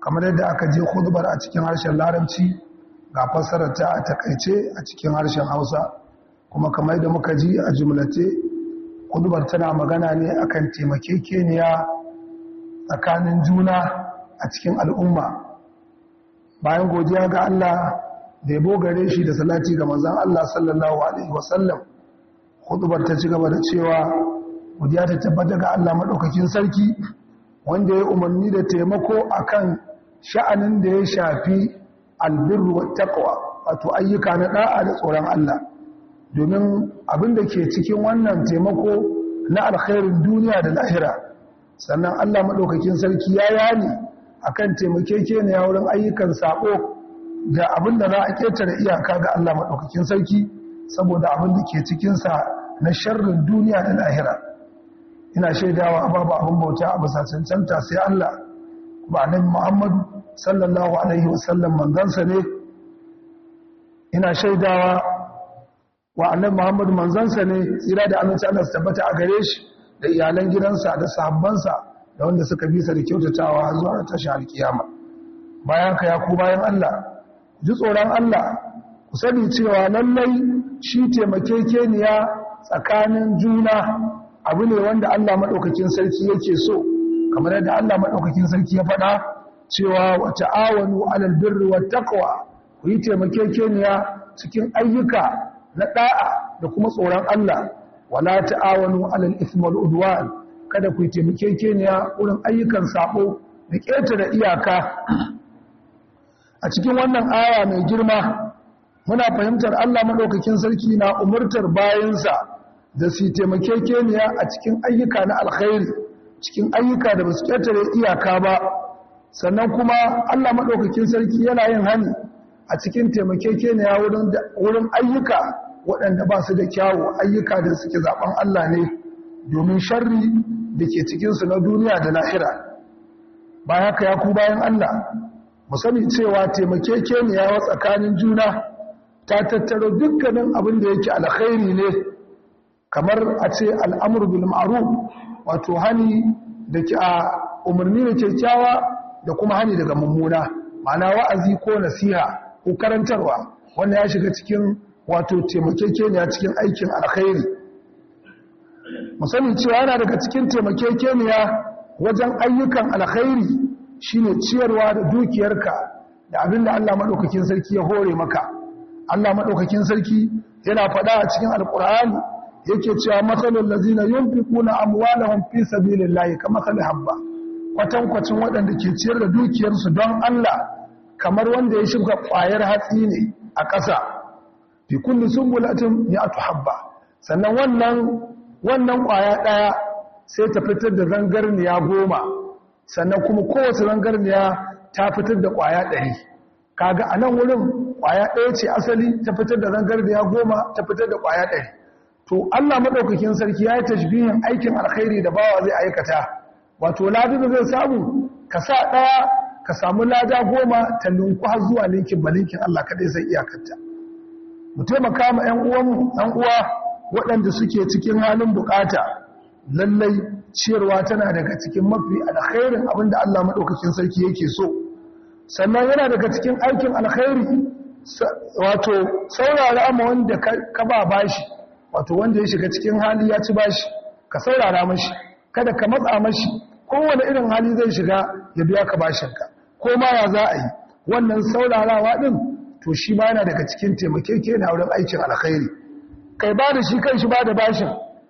kamar yadda aka je khudbar a cikin harshen larabci ga fassarar ta a takaice a cikin harshen hausa kuma kamar yadda muka ji a jimlace, khudbar tana magana ne akan keniya tsakanin juna a cikin al'umma bayan godiya ga Allah da ya gare shi da salati ga mazan Allah sallallahu alaihi wasallam khudbar ta ci gaba da cewa godiya ta tabbata ga Allah madaukakin sarki wanda ya umarni da taimako akan sha'anin da ya shafi albirru wa takwa wato ayyuka na ɗa'a da tsoron Allah domin abin da ke cikin wannan taimako na alkhairin duniya da lahira sannan Allah madaukakin sarki ya yani akan taimakekeniya wurin ayyukan sako da abin da za a iyaka ga Allah madaukakin sarki saboda abin da ke cikin sa na sharrin duniya da lahira ina shaidawa babu abin bauta a bisa cancanta sai Allah ba nan Muhammadu sallallahu alaihi wasallam manzansa ne ina shaidawa wa annabi muhammad manzansa ne tsira da aminci Allah su tabbata a gare shi da iyalan gidansa da sahabbansa da wanda suka bi sa da kyautatawa zuwa tashi alkiyama bayan ka ya bayan Allah ji tsoron Allah ku sani cewa lallai shi taimakekeniya tsakanin juna abu ne wanda Allah maɗaukakin sarki yake so kamar yadda Allah madaukakin sarki ya faɗa cewa wata awanu alal birri wa taqwa ku yi taimakekeniya cikin ayyuka na da'a da kuma tsoron Allah wala ta'awanu alal ithmi wal udwan kada ku yi taimakekeniya wurin ayyukan sabo da ƙetare iyaka a cikin wannan aya mai girma muna fahimtar Allah madaukakin sarki na umurtar bayansa da su taimakekeniya a cikin ayyuka na alkhairi cikin ayyuka da basu su ƙetare iyaka ba sannan kuma Allah maɗaukakin sarki yana yin hani a cikin taimakekeniya wurin ayyuka waɗanda ba su da kyawu ayyuka da suke zaɓen Allah ne domin sharri da ke cikinsu na duniya da lahira bayan ka ya ku bayan Allah musani cewa taimakekeniya wa tsakanin juna ta tattaro dukkanin abin da yake alkhairi ne kamar a ce al'amur bil ma'ruf wato hani da ke a umarni da kyakkyawa da kuma hani daga mummuna ma'ana wa'azi ko nasiha ko karantarwa wanda ya shiga cikin wato taimakekeniya cikin aikin alkhairi musamman cewa yana daga cikin taimakekeniya wajen ayyukan alkhairi shine ciyarwa da dukiyarka da abinda Allah maɗaukakin sarki ya hore maka Allah maɗaukakin sarki yana faɗa a cikin alkur'ani yake cewa masalul lazina yin amwalahum fi sabilillahi layi ka habba kwatankwacin waɗanda ke ciyar da dukiyarsu don Allah kamar wanda ya shiga kwayar hatsi ne a ƙasa fi kulli sumbulatin ya tuhabba sannan wannan wannan ƙwaya ɗaya sai ta fitar da zangarniya goma sannan kuma kowace zangarniya ta fitar da ƙwaya ɗari kaga a nan wurin ƙwaya ɗaya ce asali ta fitar da zangarniya goma ta fitar da ƙwaya ɗari to Allah maɗaukakin sarki ya yi tashbihin aikin alkhairi da bawa zai aikata wato ladin zai samu ka sa daya ka samu lada goma ta ninku har zuwa ninkin balinkin Allah kaɗai zai iyakanta mu taimaka ma 'yan uwanmu 'yan uwa waɗanda suke cikin halin bukata lallai ciyarwa tana daga cikin mafi alkhairin abinda Allah madaukakin sarki yake so sannan yana daga cikin aikin alkhairi wato saurara ma wanda ka ba bashi wato wanda ya shiga cikin hali ya ci bashi ka saurara mashi kada ka matsa mashi kowane irin hali zai shiga ya biya ka bashin ka, ko ma ya za a yi wannan saurarawa ɗin to shi ma yana daga cikin taimakeke na wurin aikin alkhairi kai ba da shi kan shi ba da bashin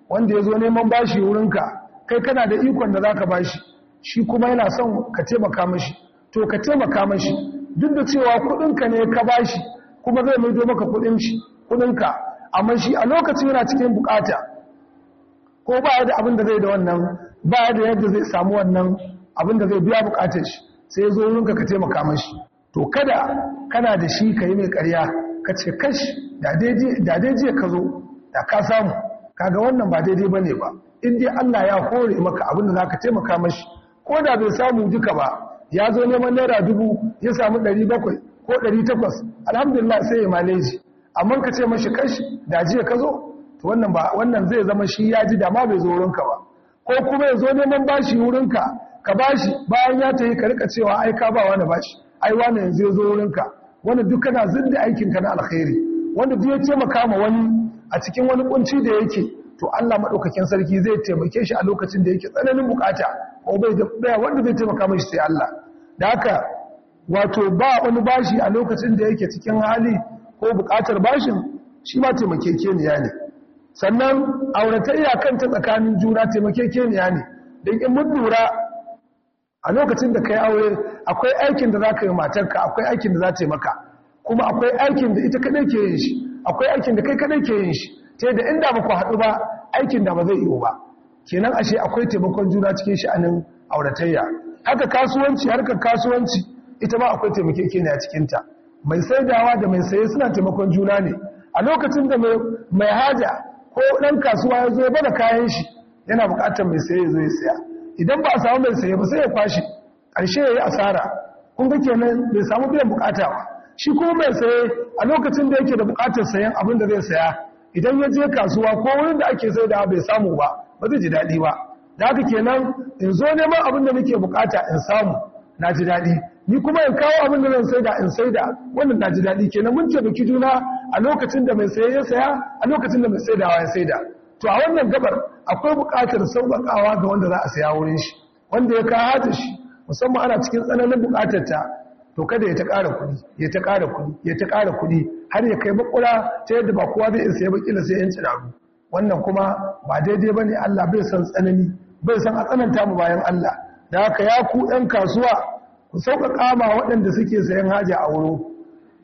wanda ya zo neman bashi wurinka kai kana da ikon da za ka bashi shi kuma yana son ka taimaka mashi to ka taimaka mashi duk da cewa kuɗinka ne ka bashi kuma zai maido maka kuɗin shi kuɗinka amma shi a lokacin yana cikin bukata ko ba da abin da zai da wannan ba da yadda zai samu wannan abin da zai biya bukatar shi sai zo wurinka ka taimaka mashi to kada kana da shi ka yi mai karya ka ce kashi da daidai ka zo da ka samu kaga wannan ba daidai ba ne ba in dai Allah ya kore maka abin da za ka taimaka mashi ko da bai samu duka ba ya zo neman naira dubu ya samu ɗari bakwai ko ɗari takwas alhamdulillah sai ya maleji amma ka ce mashi kash da jiya ka zo wannan zai zama shi ya ji dama bai zo wurinka ba ko kuma ya zo neman bashi wurinka ka bashi bayan ya yi ka rika cewa ai ka ba wani bashi ai wani yanzu ya zo wurinka Wani duk kana zidda aikin ka na alkhairi wanda duk ya taimaka ma wani a cikin wani kunci da yake to Allah madaukakin sarki zai taimake shi a lokacin da yake tsananin bukata ko bai da wanda zai taimaka mishi sai Allah da haka wato ba wani bashi a lokacin da yake cikin hali ko bukatar bashin shi ma taimakekeniya ne sannan auratayya kanta tsakanin juna taimakekeniya ne don in mun lura a lokacin da ka yi aure akwai aikin da za ka yi matarka akwai aikin da za ta yi maka kuma akwai aikin da ita kaɗai ke yin shi akwai aikin da kai kaɗai ke yin shi ta da inda ba ku haɗu ba aikin da ba zai iyo ba kenan ashe akwai taimakon juna cikin sha'anin auratayya haka kasuwanci harkar kasuwanci ita ma akwai taimakekeniya cikinta mai saidawa da mai saye suna taimakon juna ne a lokacin da mai haja ko ɗan kasuwa ya zo ya bada kayan shi yana buƙatar mai saye ya zo ya saya idan ba a samu mai saye ba sai ya kwashe ƙarshe ya yi asara kun ga kenan bai samu biyan buƙata ba shi kuma mai saye a lokacin da yake da buƙatar sayan abin da zai saya idan ya je kasuwa ko wurin da ake sai da bai samu ba ba zai ji daɗi ba da haka kenan in zo neman abin da nake buƙata in samu na ji daɗi ni kuma in kawo abin da zan sai da in sai da wannan na ji daɗi kenan mun taimaki juna a lokacin da mai saye ya saya a lokacin da mai saidawa ya sai da to a wannan gabar akwai buƙatar sauƙaƙawa ga wanda za a saya wurin shi wanda ya kawo hajji shi musamman ana cikin tsananin bukatar ta to kada ya ta ƙara kuɗi ya ta ƙara kuɗi ya ta ƙara kuɗi har ya kai makura ta yadda ba kowa zai isa ya bakila sai yan ciraru wannan kuma ba daidai bane Allah bai san tsanani bai san a tsananta mu bayan Allah da haka ya ku ɗan kasuwa ku sauƙaƙa ma waɗanda suke sayan haja a wuro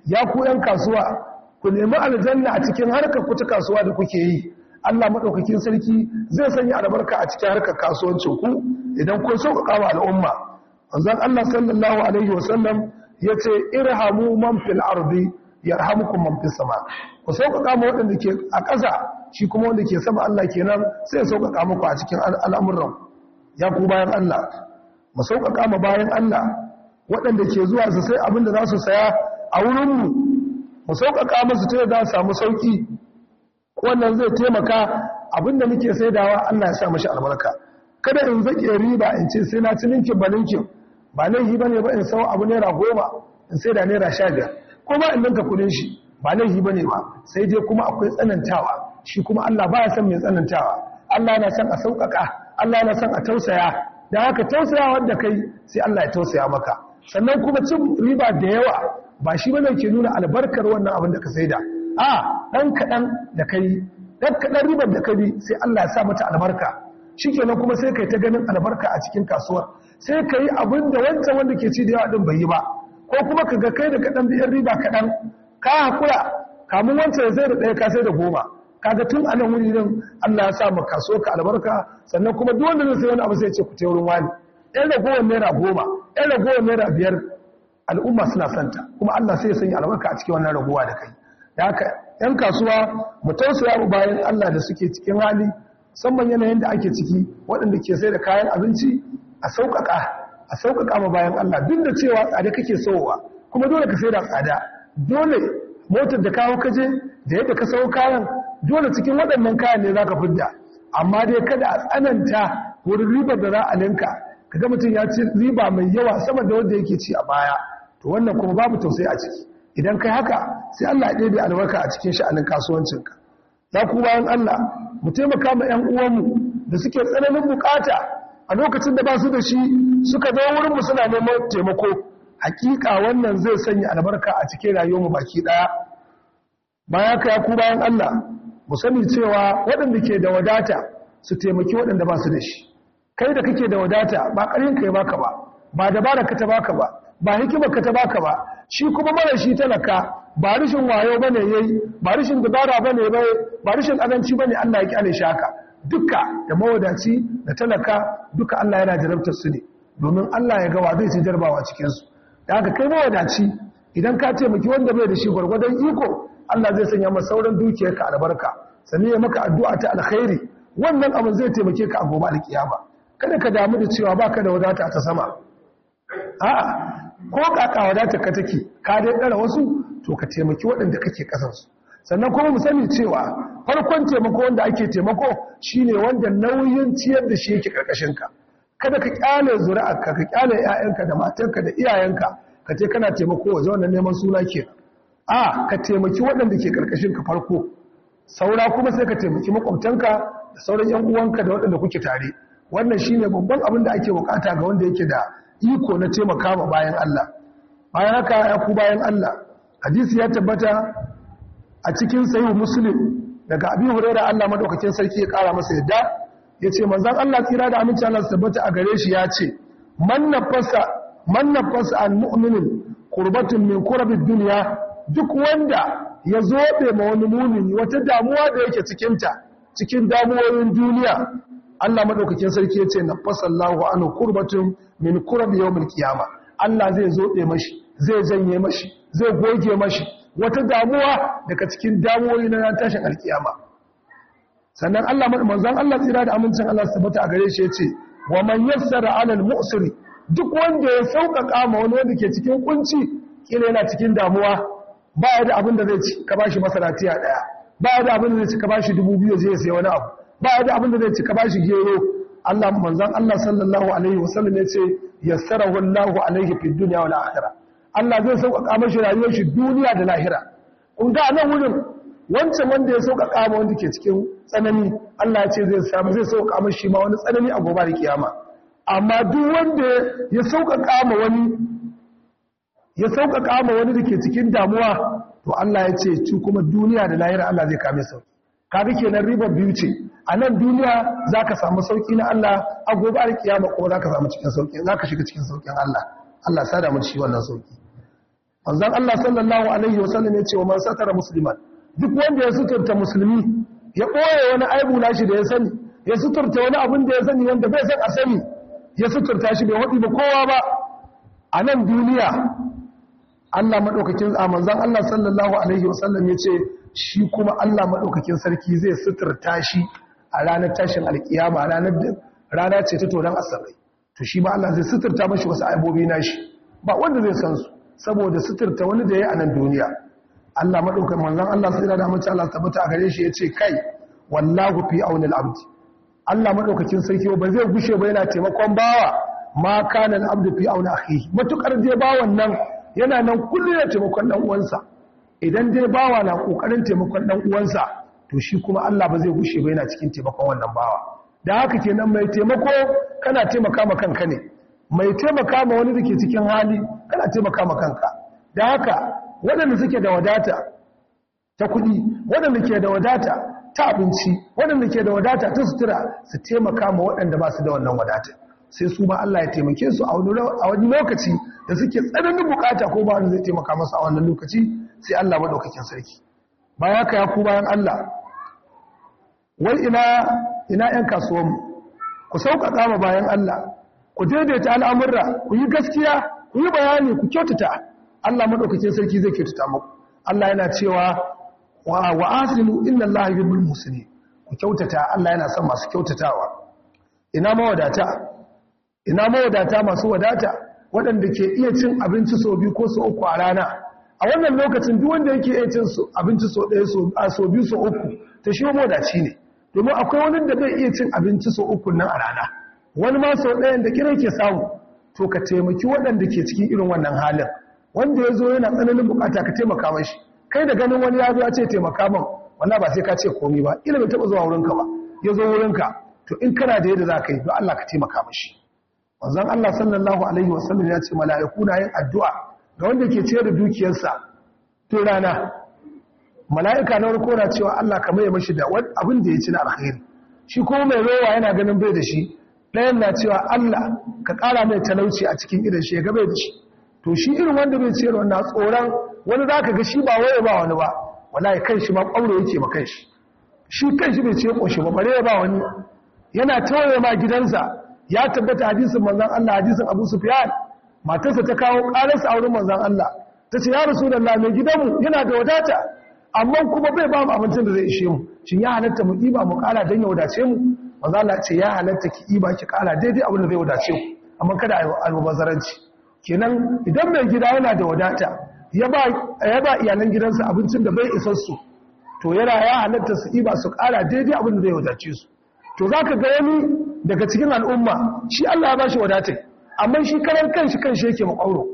ya ku ɗan kasuwa ku nemi aljanna a cikin harkar ku ta kasuwa da kuke yi Allah madaukakin sarki zai sanya albarka a cikin harkar kasuwancin ku idan kun sauƙaƙa wa al'umma manzon Allah sallallahu alaihi wa ya yace irhamu man fil ardi yarhamukum man fis sama ku sauƙaƙa ma waɗanda ke a ƙasa shi kuma wanda ke sama Allah kenan sai ya sauƙaƙa muku a cikin al'amuran ya ku bayan Allah mu sauƙaƙa ma bayan Allah waɗanda ke zuwa su sai abin da za su saya a wurinmu mu musu tunda za su samu sauki wannan zai taimaka abinda nake saidawa Allah ya sa mashi albarka kada in zake riba in ce sai na ci ninkin ba ninkin ba laifi bane ba in sau abu naira goma in sai saida naira sha biyar ko ba in ninka kudin shi ba laifi bane ba sai dai kuma akwai tsanantawa shi kuma Allah ba ya san mai tsanantawa Allah yana son a sauƙaƙa Allah yana san a tausaya da haka tausaya wanda kai sai Allah ya tausaya maka sannan kuma cin riba da yawa ba shi bane ke nuna albarkar wannan abin da ka saida a ɗan kadan da kai dan kadan riban da kai sai Allah ya sa mata albarka shikenan kuma sai kai ta ganin albarka a cikin kasuwar sai kai abin da wancan wanda ke ci da yawa din bai yi ba ko kuma ka ga kai da kadan biyan riba kaɗan ka hakura kamun wancan zai da daya ka sai da goma kaga tun anan wuri din Allah ya sa maka kasuwar ka albarka sannan kuma duk wanda zai sai wani abu sai ya ce ku tayar wani ɗan ragowar naira goma ɗan ragowar naira biyar al'umma suna santa kuma Allah sai ya sanya albarka a cikin wannan raguwa da kai da haka yan kasuwa mu su mu bayan Allah da suke cikin hali musamman yanayin da ake ciki waɗanda ke sai da kayan abinci a sauƙaƙa a sauƙaƙa ma bayan Allah duk da cewa tsada kake sowa kuma dole ka sai da tsada dole motar da kawo kaje da yadda ka sayo kayan dole cikin waɗannan kayan ne za ka fidda amma dai kada a tsananta wurin ribar da za a ninka kaga mutum ya ci riba mai yawa sama da wanda yake ci a baya to wannan kuma babu tausayi a ciki idan kai haka sai Allah ya ɗebe albarka a cikin sha'anin kasuwancinka ya ku bayan Allah mu taimaka ma 'yan uwanmu da suke tsananin bukata a lokacin da ba su da shi suka zo wurinmu suna neman taimako hakika wannan zai sanya albarka a cikin rayuwarmu baki ɗaya bayan ka ya ku bayan Allah mu sani cewa waɗanda ke da wadata su taimaki waɗanda ba su da shi kai da kake da wadata ba ƙarin kai baka ba ba dabara ka ta baka ba ba hikima ka ta baka ba shi kuma mara shi talaka ba rishin wayo bane yayi ba rishin dabara bane bai ba rishin azanci bane Allah ya kyale shi haka duka da mawadaci da talaka duka Allah yana jarabtar su ne domin Allah ya ga wa zai ci jarbawa cikin su da haka kai mawadaci idan ka taimaki wanda bai da shi gurgurdan iko Allah zai sanya masa sauran ka albarka sannan ya maka addu'a ta alkhairi wannan abin zai taimake ka a gobe alkiyama kada ka damu da cewa baka da wadata ta sama a'a ko kaka wadatar ka take ka dai ɗara wasu to ka taimaki waɗanda kake ƙasarsu sannan kuma mu sani cewa farkon taimako wanda ake taimako shine wanda nauyin ciyar da shi yake ƙarƙashinka kada ka ƙyale zuri'arka ka ƙyale 'ya'yanka da matanka da iyayenka ka ce kana taimako waje wannan neman suna ke a ka taimaki waɗanda ke ka farko saura kuma sai ka taimaki makwabtanka da sauran 'yan uwanka da waɗanda kuke tare wannan shine babban abin da ake bukata ga wanda yake da iko na taimaka ma bayan Allah bayan haka ya ku bayan Allah hadisi ya tabbata a cikin sahihu muslim daga abin hurera Allah madaukakin sarki ya kara masa yadda ya ce manzan Allah tsira da aminci Allah tabbata a gare shi ya ce man an mu'minin kurbatun min kurabin duniya duk wanda ya zobe ma wani mumini wata damuwa da yake cikinta cikin damuwoyin duniya Allah madaukakin sarki ya ce na fasallahu an qurbatun min qurab yawmil qiyama Allah zai zobe mashi zai zanye mashi zai goge mashi wata damuwa daga cikin damuwoyi na ran tashin alkiyama sannan Allah manzon Allah tsira da amincin Allah subhanahu a gare shi yace wa man yassara alal mu'siri duk wanda ya sauƙaƙa ma wani wanda ke cikin kunci kila yana cikin damuwa ba ya da abin da zai ci ka bashi masalatiya daya ba ya da abin da zai ci ka bashi dubu biyu zai sai wani abu ba wani abin da zai ci ka bashi gero Allah manzon Allah sallallahu alaihi wasallam ce yassara wallahu alaihi fi dunya wal akhirah Allah zai sauƙaƙa mashi rayuwar shi duniya da lahira kun ga nan wurin wancan wanda ya sauƙaƙa ma wanda ke cikin tsanani Allah ya ce zai samu zai sauƙaƙa mashi ma wani tsanani a gobe da kiyama amma duk wanda ya sauƙaƙa ma wani ya sauƙaƙa ma wani da ke cikin damuwa to Allah ya ce ci kuma duniya da lahira Allah zai kame sauki ke kenan ribar biyu ce a nan duniya za ka samu sauƙi na Allah a gobe a ba kuma za ka samu cikin sauƙi za ka shiga cikin sauƙin Allah Allah sada mu shi wannan sauƙi Wanzan Allah sallallahu alaihi wasallam ya ce wa man satara musliman duk wanda ya suturta musulmi ya ɓoye wani aibu nashi da ya sani ya suturta wani abin da ya sani wanda bai san a sani ya suturta shi bai waɗi ba kowa ba a nan duniya Allah maɗaukakin a Allah sallallahu alaihi wasallam ya ce shi kuma Allah maɗaukakin sarki zai suturta shi a ranar tashin alkiyama a ranar da rana ce ta toron asabai to shi ma Allah zai suturta mashi wasu aibobi na shi ba wanda zai san su saboda suturta wani da ya a nan duniya Allah maɗaukakin manzan Allah sai da mace Allah a gare shi ya ce kai wallahu fi aunil abdi Allah maɗaukakin sarki ba zai gushe ba yana taimakon bawa ma kana al-abdu fi auni akhihi matukar je bawan nan yana nan kullu ya taimakon dan uwansa idan dai bawa na kokarin taimakon dan uwansa to shi kuma Allah ba zai gushe ba yana cikin taimakon wannan bawa da haka kenan mai taimako kana taimaka ma kanka ne mai taimaka ma wani dake cikin hali kana taimaka ma kanka da haka waɗanda suke da wadata ta kuɗi waɗanda ke da wadata ta abinci waɗanda ke da wadata ta sutura su taimaka ma waɗanda ba su da wannan wadata sai su ma Allah ya taimake su a wani lokaci da suke tsananin bukata ko ba wani zai taimaka masu a wannan lokaci sai Allah maɗaukakin sarki baya ka ya ku bayan Allah wai ina ina ƴan kasuwan ku sauƙaƙa ma bayan Allah ku daidaita al'amurra ku yi gaskiya ku yi bayani ku kyautata Allah maɗaukakin sarki zai kyautata muku Allah yana cewa wa wa inna Allah yuhibbul muslimin ku kyautata Allah yana son masu kyautatawa ina mawadata ina mawadata masu wadata waɗanda ke iya cin abinci sau biyu ko sau uku a rana a wannan lokacin duk wanda yake iya cin abinci so ɗaya a so biyu so uku ta shi ci ne domin akwai wani da bai iya cin abinci so uku nan a rana wani ma so ɗayan da kira ke samu to ka taimaki waɗanda ke cikin irin wannan halin wanda ya zo yana tsananin bukata ka taimaka mashi kai da ganin wani ya zo ya ce taimaka min wannan ba sai ka ce komi ba ila bai taɓa zuwa wurinka ba ya zo wurinka to in kana da yadda za ka yi don Allah ka taimaka mashi Wanzan Allah sallallahu alaihi wasallam ya ce mala'iku na yin addu'a ga wanda ke ciyar da dukiyarsa tun rana mala'ika na warko na cewa Allah ka ma mashi da abin da ya ci na alkhairi shi kuma mai rowa yana ganin bai da shi ɗayan na cewa Allah ka ƙara mai talauci a cikin irin shi ya bai da shi to shi irin wanda bai ciyar wannan tsoron wani za ka ga shi ba waye ba wani ba wallahi kan shi ma ƙwauro yake ba kan shi shi kan shi bai ce ƙoshi ba bare ba wani yana tawaye ma gidansa ya tabbata hadisin manzon Allah hadisin Abu Sufyan matarsa ta kawo ƙararsa a wurin manzan Allah ta ce ya rasu da mai gidanmu yana da wadata amma kuma bai ba mu abincin da zai ishe mu shin ya halatta mu ɗiba mu ƙara don ya wadace mu manzan Allah ce ya halatta ki ɗiba ki ƙara daidai abin da zai wadace ku amma kada a yi albazaranci kenan idan mai gida yana da wadata ya ba iyalan gidansa abincin da bai isar su to yana ya halatta su ɗiba su ƙara daidai abin da zai wadace su to za ka ga wani daga cikin al'umma shi Allah ya ba shi wadatai amma shi karan kanshi kanshi yake makwauro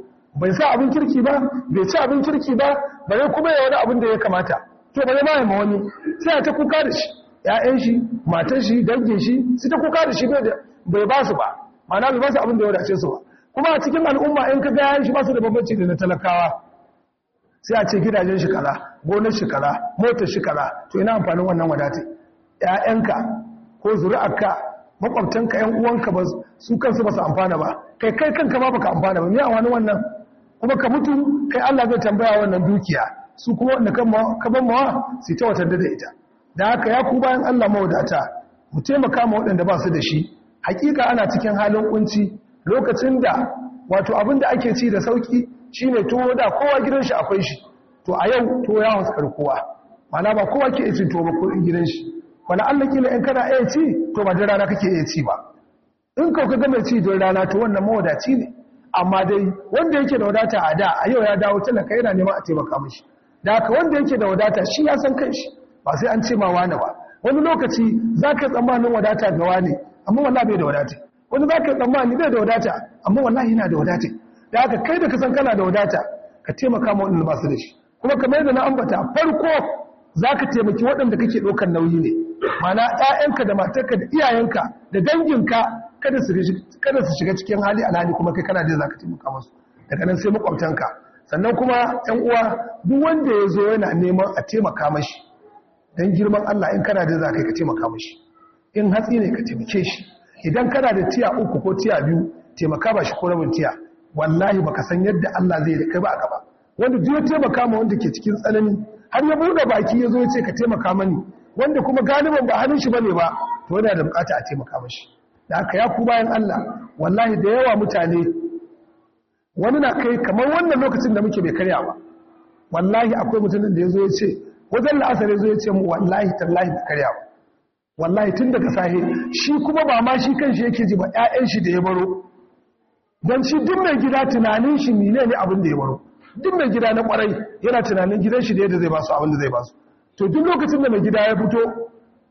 bai sa abin kirki ba bai ci abin kirki ba bai kuma ya wani abin da ya kamata to bai ma ma wani sai ta kuka da shi ya'yan shi matan shi dangin shi su ta kuka da shi bai ba su ba ma'ana bai ba su abin da ya wadace su ba kuma a cikin al'umma in ka ga yayin shi ba su da bambanci da na talakawa sai a ce gidajen shi kaza gonar shi kaza motar shi kaza to ina amfanin wannan wadati ƴaƴanka ko zuri'arka makwabtanka yan uwanka ba su kansu ba su amfana ba kai kai kanka ma baka amfana ba me wani wannan kuma ka mutu kai Allah zai tambaya wannan dukiya su kuma wanda ka ban mawa su ta wata da ita da haka ya ku bayan Allah mawadata mu taimaka ma waɗanda ba su da shi hakika ana cikin halin kunci lokacin da wato abin da ake ci da sauki shine tuwo da kowa gidan shi akwai shi to a yau tuwo ya wasu kowa mana ba kowa ke yin tuwo ba ko gidan shi wani allah kila in kana iya ci to ba jirana rana kake iya ci ba in ka ga mai ci don rana to wannan mawadaci ne amma dai wanda yake da wadata a da a yau ya dawo talaka yana neman a taimaka mashi. da aka wanda yake da wadata shi ya san kai kanshi ba sai an ce ma wani ba wani lokaci za ka tsammanin wadata ga wani amma wallahi bai da wadata wani za ka tsammanin bai da wadata amma wallahi yana da wadata da aka kai da ka san kana da wadata ka taimaka ma waɗanda ba su da shi kuma kamar yadda na ambata farko za ka taimaki waɗanda kake ɗaukar nauyi ne mana ‘ya'yanka da matarka da iyayenka da danginka kada su shiga cikin hali alhali kuma kai kana da za ka taimaka masu daga nan sai makwabtanka sannan kuma ‘yan uwa duk wanda ya zo yana neman a taimaka mashi don girman Allah in kana da za ka ka taimaka mashi in hatsi ne ka taimake shi idan kana da tiya uku ko tiya biyu taimaka ba shi ko rabin tiya wallahi ka san yadda Allah zai da kai ba a gaba wanda duk ya taimaka ma wanda ke cikin tsanani har ya buɗe baki ya zo ya ce ka taimaka mani wanda kuma galiban ba hannun shi bane ba to yana da bukata a taimaka mashi da haka ya ku bayan Allah wallahi da yawa mutane wani na kai kamar wannan lokacin da muke bai karya ba wallahi akwai mutumin da ya zo ya ce wajen la'asar ya zo ya ce mu wallahi tallahi bai karya ba wallahi tun daga sahe shi kuma ba ma shi kanshi yake ji ba ƴaƴan shi da ya baro don shi duk mai gida tunanin shi ne ne abin da ya baro duk mai gida na kwarai yana tunanin gidan shi da yadda zai basu abin da zai basu to duk lokacin da mai gida ya fito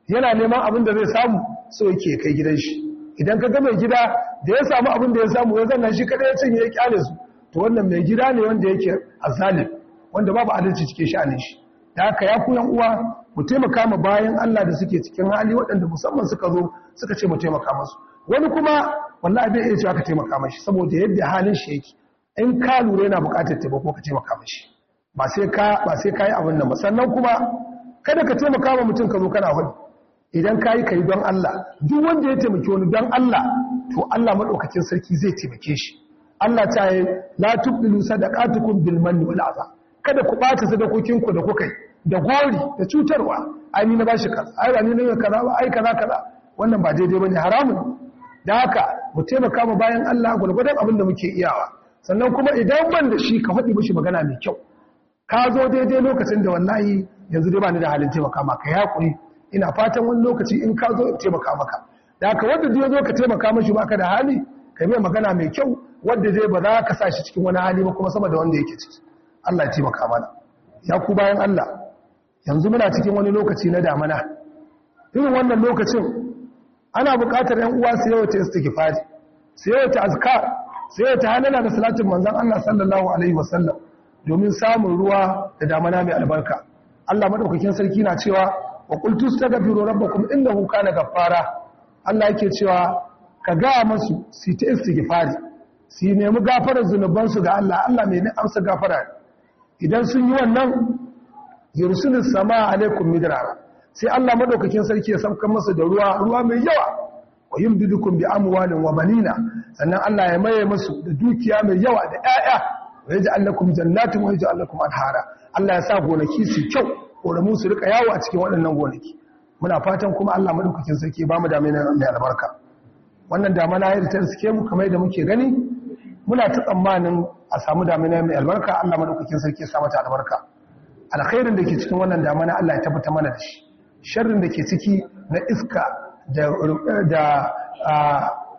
yana neman abin da zai samu so yake kai gidan shi idan ka ga mai gida da ya samu abin da ya samu ya zanna shi kada ya cin ya kyale su to wannan mai gida ne wanda yake azalim wanda babu adalci cikin sha'anin shi da haka ya ku yan uwa mu taimaka ma bayan Allah da suke cikin hali waɗanda musamman suka zo suka ce mu taimaka musu wani kuma wallahi bai iya cewa ka taimaka mashi saboda yadda halin shi yake in ka lura yana buƙatar taimako ka taimaka mashi ba sai ka ba sai ka yi abin nan ba sannan kuma kada ka taimaka wa mutum ka zo kana wani idan ka yi kai don Allah duk wanda ya taimaki wani don Allah to Allah maɗaukacin sarki zai taimake shi Allah ta yi la tubdilu sadaqatukum bil manni wal aza kada ku bata sadakokin ku da kuka da gori da cutarwa ai ni na bashi kaza ai ba ni ne kaza ba ai kaza kaza wannan ba daidai bane haramun da haka mu taimaka mu bayan Allah gurgurdan abin da muke iyawa sannan kuma idan ban da shi ka faɗi mishi magana mai kyau ka zo daidai lokacin da wallahi yanzu dai ba ni da halin taimaka maka ya kuri ina fatan wani lokaci in ka zo in taimaka maka da aka wanda zai zo ka taimaka mashi ka da hali ka mai magana mai kyau wanda zai ba za ka sa shi cikin wani hali ba kuma sama da wanda yake ciki Allah ya taimaka mana ya ku bayan Allah yanzu muna cikin wani lokaci na damana irin wannan lokacin ana buƙatar ‘yan uwa su wata istighfari su wata azkar su wata halala da salatin manzon Allah sallallahu Alaihi wasallam domin samun ruwa da damana mai albarka Allah madaukakin sarki na cewa wa rabba kuma inda innahu kana ghaffara Allah yake cewa ka ga masu su ta istighfari su nemi gafarar zunubansu ga Allah Allah mai ne amsa gafara idan sun yi wannan yursilus samaa alaikum midrara sai Allah madaukakin sarki ya sauka masa da ruwa ruwa mai yawa wa yumdidukum bi amwalin wa banina sannan Allah ya maye masu da dukiya mai yawa da ƴaƴa allah lakum jannatin wa allah kuma anhara Allah ya sa gonaki su kyau koramu su rika yawo a cikin waɗannan gonaki muna fatan kuma Allah madaukakin sarki ba mu damina mai albarka wannan damana ya ritar suke mu kamar da muke gani muna ta tsammanin a samu damina mai albarka Allah madaukakin sarki ya sa mata albarka alkhairin da ke cikin wannan damana Allah ya tabbata mana da shi sharrin da ke ciki na iska da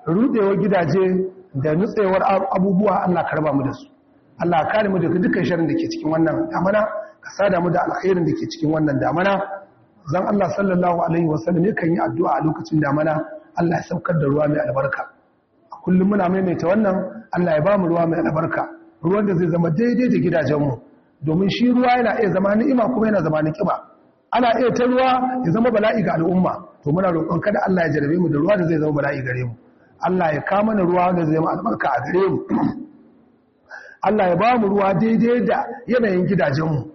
rudewar gidaje da nutsewar abubuwa Allah karba mu da su Allah kare mu daga dukkan sharrin da ke cikin wannan damana ka sada mu da alkhairin da ke cikin wannan damana zan Allah sallallahu alaihi wasallam yakan yi addu'a a lokacin damana Allah ya saukar da ruwa mai albarka a kullum muna maimaita wannan Allah ya ba mu ruwa mai albarka ruwan da zai zama daidai da gidajen mu domin shi ruwa yana iya zama ni'ima kuma yana zama kiba ana iya ta ruwa ya zama bala'i ga al'umma to muna roƙon kada Allah ya jarabe mu da ruwa da zai zama bala'i gare mu Allah ya kama mana ruwa da zai zama albarka a gare mu Allah ya ba mu ruwa daidai da yanayin gidajenmu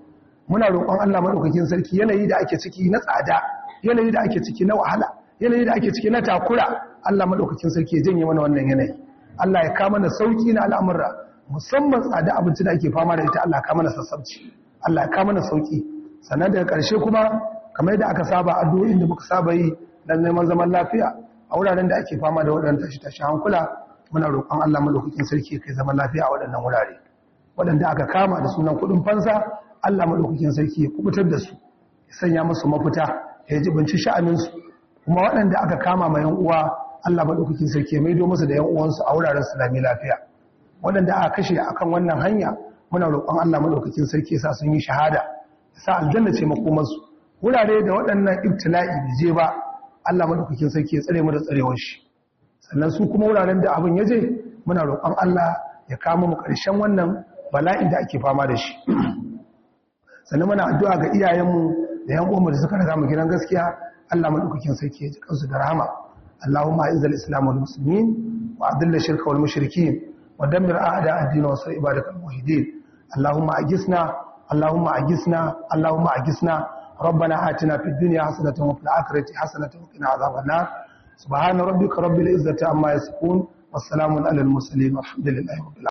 muna roƙon Allah maɗaukakin sarki yanayi da ake ciki na tsada yanayi da ake ciki na wahala yanayi da ake ciki na takura Allah maɗaukakin sarki ya janye mana wannan yanayi Allah ya kama na sauƙi na al'amura musamman tsada abinci da ake fama da ita Allah kama na sassabci Allah ya kama na sauƙi sannan daga ƙarshe kuma kamar yadda aka saba addu'o'in da muka saba yi dan neman zaman lafiya a wuraren da ake fama da waɗannan tashi tashi hankula muna roƙon Allah madaukakin sarki kai zama lafiya a waɗannan wurare waɗanda aka kama da sunan kuɗin fansa Allah madaukakin sarki ya kubutar da su ya sanya musu mafita ya binci sha'anin su kuma waɗanda aka kama ma yan uwa Allah madaukakin sarki ya maido musu da yan uwansu a wuraren su lami lafiya waɗanda aka kashe akan wannan hanya muna roƙon Allah madaukakin sarki ya sa sun yi shahada ya sa aljanna ce su wurare da waɗannan ibtila'i bai je ba Allah madaukakin sarki ya tsare mu da tsarewar shi sannan su kuma wuraren da abin ya je muna roƙon Allah ya kama mu ƙarshen wannan bala'in da ake fama da shi sannan muna addu'a ga iyayenmu da yan uwanmu da suka raga mu gidan gaskiya Allah madaukakin sarki ya ji kansu da rahama Allahumma izzal islam wal muslimin wa adilla shirka wal mushrikin wa dammir a'da ad-din wa sir ibadakal muwahhidin Allahumma ajisna Allahumma ajisna Allahumma ajisna ربنا آتنا في الدنيا حسنة وفي الآخرة حسنة وقنا عذاب النار subhana rabbika rabbil izzati amma yasifun wassalamun alal mursalin walhamdulillahi rabbil